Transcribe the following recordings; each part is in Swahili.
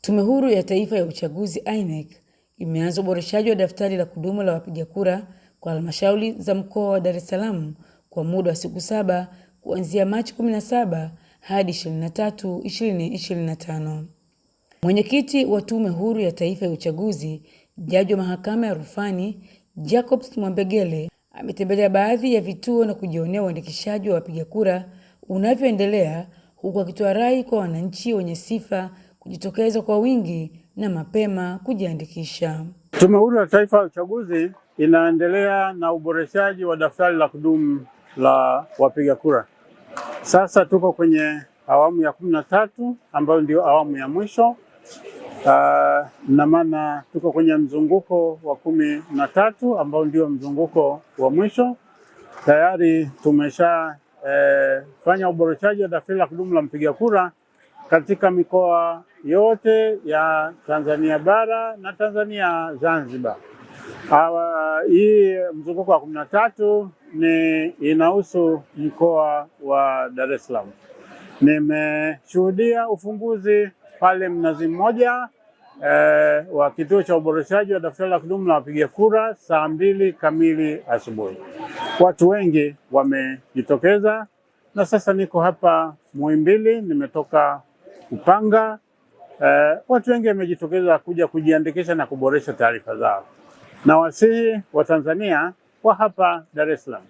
Tume Huru ya Taifa ya Uchaguzi INEC imeanza uboreshaji wa daftari la kudumu la wapiga kura kwa halmashauri za mkoa wa Dar es Salaam kwa muda wa siku saba kuanzia Machi 17 hadi 23, 2025. Mwenyekiti wa Tume Huru ya Taifa ya Uchaguzi, Jaji wa Mahakama ya Rufani Jacobs Mwambegele ametembelea baadhi ya vituo na kujionea uandikishaji wa wapiga kura unavyoendelea huku akitoa rai kwa wananchi wenye sifa kujitokeza kwa wingi na mapema kujiandikisha. Tume Huru ya Taifa ya Uchaguzi inaendelea na uboreshaji wa daftari la kudumu la wapiga kura. Sasa tuko kwenye awamu ya kumi na tatu ambayo ndio awamu ya mwisho. Uh, ah, na maana tuko kwenye mzunguko wa kumi na tatu ambao ndio mzunguko wa mwisho. Tayari tumesha eh, fanya uboreshaji wa daftari la kudumu la mpiga kura katika mikoa yote ya Tanzania bara na Tanzania Zanzibar. Hawa, hii mzunguko wa kumi na tatu ni inahusu mkoa wa Dar es Salaam. Nimeshuhudia ufunguzi pale Mnazi Mmoja eh, wa kituo cha uboreshaji wa daftari la kudumu la wapiga kura saa mbili kamili asubuhi. Watu wengi wamejitokeza na sasa niko hapa Muhimbili, nimetoka Upanga Uh, eh, watu wengi wamejitokeza kuja kujiandikisha na kuboresha taarifa zao, na wasihi wa tanzania wa hapa Dar es Salaam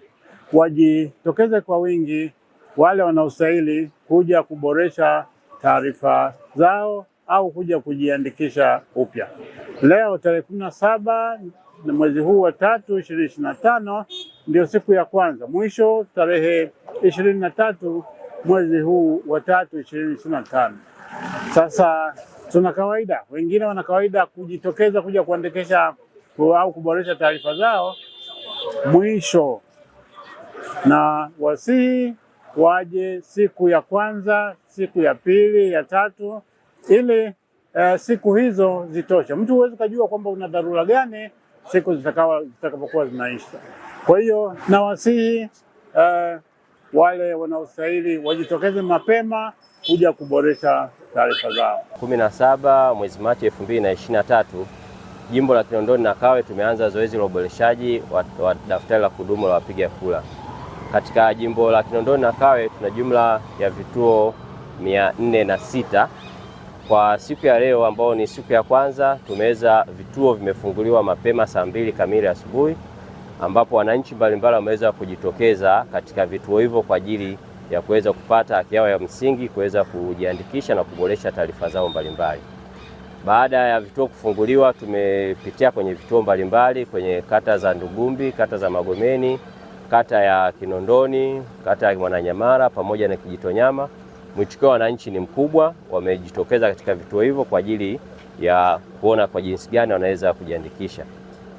wajitokeze kwa wingi, wale wanaostahili kuja kuboresha taarifa zao au kuja kujiandikisha upya. Leo tarehe kumi na saba mwezi huu wa tatu ishirini na tano ndio siku ya kwanza, mwisho tarehe ishirini na tatu mwezi huu wa tatu ishirini ishirini na tano. Sasa tuna kawaida, wengine wana kawaida kujitokeza kuja kuandikisha au kuboresha taarifa zao mwisho, na wasihi waje siku ya kwanza, siku ya pili, ya tatu, ili uh, siku hizo zitoshe. Mtu huwezi kujua kwamba una dharura gani siku zitakapokuwa zinaisha. Kwa hiyo nawasihi uh, wale wanaostahili wajitokeze mapema kuja kuboresha taarifa zao. kumi na saba mwezi Machi elfu mbili na ishirini na tatu jimbo la Kinondoni na Kawe tumeanza zoezi la uboreshaji wa, wa daftari la kudumu la wapiga kura. Katika jimbo la Kinondoni na Kawe tuna jumla ya vituo mia nne na sita kwa siku ya leo, ambao ni siku ya kwanza, tumeweza vituo vimefunguliwa mapema saa mbili kamili asubuhi ambapo wananchi mbalimbali wameweza kujitokeza katika vituo hivyo kwa ajili ya kuweza kupata haki yao ya msingi kuweza kujiandikisha na kuboresha taarifa zao mbalimbali. Baada ya vituo kufunguliwa, tumepitia kwenye vituo mbalimbali kwenye kata za Ndugumbi, kata za Magomeni, kata ya Kinondoni, kata ya mwananyamara pamoja na Kijitonyama. Mwitikio wa wananchi ni mkubwa, wamejitokeza katika vituo hivyo kwa ajili ya kuona kwa jinsi gani wanaweza kujiandikisha.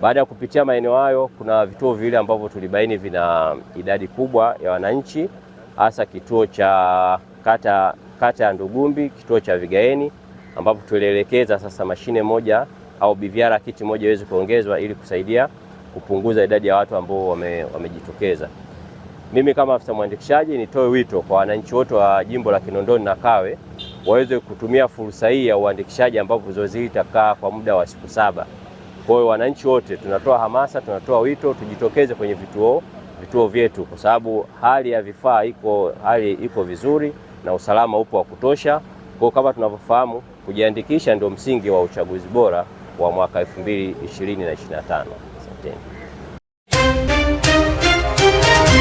Baada ya kupitia maeneo hayo, kuna vituo vile ambavyo tulibaini vina idadi kubwa ya wananchi, hasa kituo cha kata kata ya Ndugumbi, kituo cha Vigaeni, ambapo tulielekeza sasa mashine moja au BVR kiti moja iweze kuongezwa ili kusaidia kupunguza idadi ya watu ambao wamejitokeza. mimi kama afisa mwandikishaji nitoe wito kwa wananchi wote wa jimbo la Kinondoni na Kawe waweze kutumia fursa hii ya uandikishaji ambapo zoezi hili kwa muda wa siku saba. Kwa hiyo wananchi wote tunatoa hamasa, tunatoa wito tujitokeze kwenye vituo vituo vyetu, kwa sababu hali ya vifaa iko hali iko vizuri na usalama upo wa kutosha. Kwa kama tunavyofahamu, kujiandikisha ndio msingi wa uchaguzi bora wa mwaka 2020 na 2025. Asanteni.